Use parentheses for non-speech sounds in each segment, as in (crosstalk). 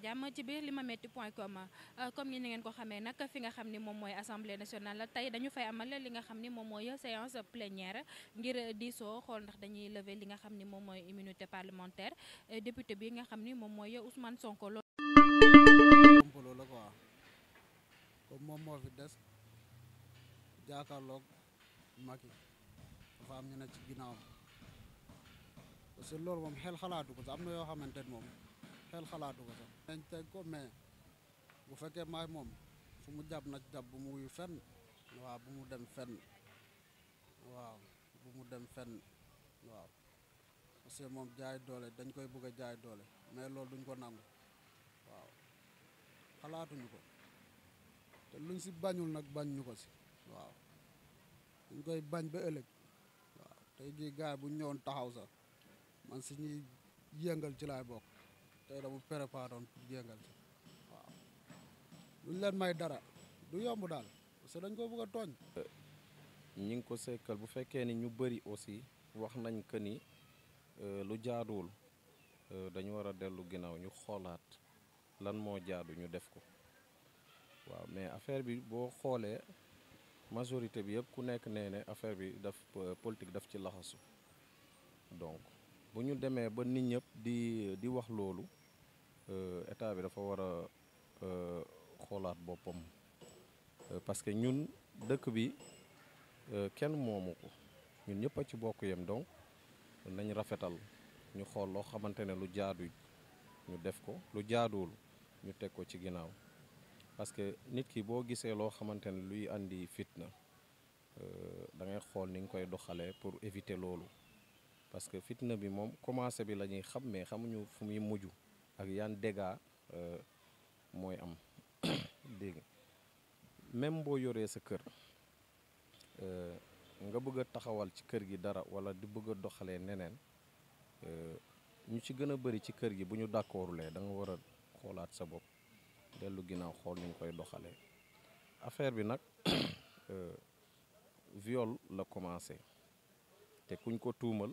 jàmm ci biir li euh, comme ni ngeen ko xamee nag fi nga xam ni moom mooy assemblée nationale tey dañu fay amal li nga xam ni moom mooy séance plénière ngir diisoo xool ndax dañuy lever li nga xam ni moom mooy immunité parlementaire euh, député bi nga xam ni moom mooy Ousmane Sonko loolu la quoi comme moom moo fi des jaakaarloog Macky dafa am ñu ne ci ginnaaw parce que loolu moom xel xalaatu ko sax am na yoo xamante ni moom xel xalaatu ko sax. dañ teg ko mais bu fekkee maay moom fu mu jàpp na jàpp bu mu wuyu fenn waaw bu mu dem fenn waaw bu mu dem fenn waaw parce moom jaay doole dañ koy bëgg a jaay doole mais loolu duñ ko nangu waaw xalaatuñu ko te luñ si bañul nag bañ ñu ko si. waaw dañ koy bañ ba ëllëg waaw tey jii gars bu ñu ñëwoon taxaw sax man si ñuy yëngal ci laay bokk tey dama préparé woon yëngal ci waaw luñ leen may dara du yomb daal parce que dañ ko bëgg tooñ. ñi ngi ko sekkal bu fekkee ni ñu bari aussi wax nañ que ni euh, lu jaaduwul euh, dañu war a dellu ginnaaw ñu xoolaat lan moo jaadu ñu def ko waaw mais affaire bi boo xoolee. majorité bi yëpp ku nekk nee ne affaire bi daf euh, politique daf ci laxasu donc bu ñu demee ba nit ñëpp di di wax loolu euh, état bi dafa war a euh, xoolaat boppam parce que ñun dëkk bi kenn moomu ko ñun ñëpp ci bokk yam donc nañ rafetal ñu xool loo xamante ne lu jaadu ñu def ko lu jaaduwul ñu teg ko ci ginnaaw parce que nit ki boo gisee loo xamante ne luy andi fitna euh, da ngay xool ni nga koy doxalee pour éviter loolu parce que fitna bi moom commencé bi la ñuy xam mais xamuñu fu muy mujj ak yan dégâts euh, mooy am (coughs) dégg même boo yoree sa kër euh, nga bëgg a taxawal ci kër gi dara wala di bëgg a doxalee neneen ñu ci gën a bëri ci kër gi bu ñu d'accordulee da nga war a xoolaat sa bopp. dellu ginnaaw xool ni ñu koy doxalee affaire bi nag (coughs) euh, viol la commencé te kuñ ko tuumal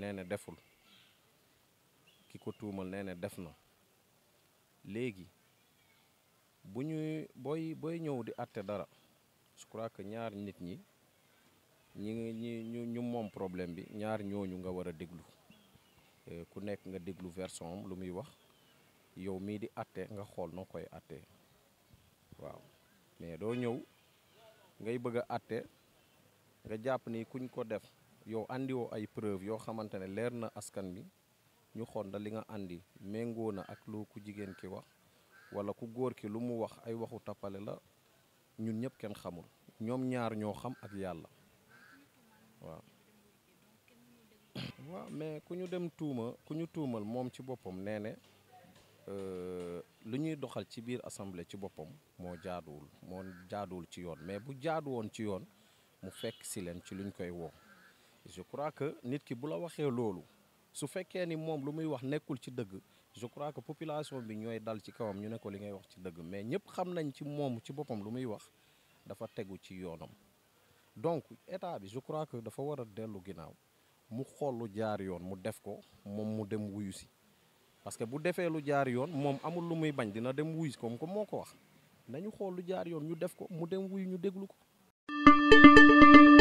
nee na deful ki ko tuumal nee na def na léegi bu ñuy booy booy ñëw di àtte dara je crois que ñaar nit ñi ñi ñu ñu moom problème bi ñaar ñooñu nga war a déglu euh, ku nekk nga déglu version am lu muy wax yow mii di atte nga xool noo koy atte waaw mais doo ñëw ngay bëgg a atte nga jàpp ni kuñ ko def yow andiwoo ay preuve yoo xamante ne leer na askan bi ñu xool da li nga andi méngoo na ak lu ku jigéen ki wax wala ku góor ki lu mu wax ay waxu tappale la ñun ñëpp kenn xamul ñoom ñaar ñoo xam ak yàlla waaw (coughs) waaw mais ku ñu dem tuuma ku ñu tuumal moom ci boppam nee ne Euh, lu ñuy doxal ci biir assemblée ci boppam moo jaaduwul moo jaaduwul ci yoon mais bu jaadu woon ci yoon mu fekk si leen ci ñu koy woo je crois que nit ki bu la waxee loolu su fekkee ni moom lu muy wax nekkul ci dëgg je crois que population bi ñooy dal ci kawam ñu ne ko li ngay wax ci dëgg mais ñëpp xam nañ ci moom ci boppam lu muy wax dafa tegu ci yoonam donc état bi je crois que dafa war dellu ginnaaw mu xool jaar yoon mu def ko moom mu dem wuyu si parce que bu defee lu jaar yoon moom amul lu muy bañ dina dem wuy comme comme moo ko wax nañu xool lu jaar yoon ñu def ko mu dem wuy ñu déglu ko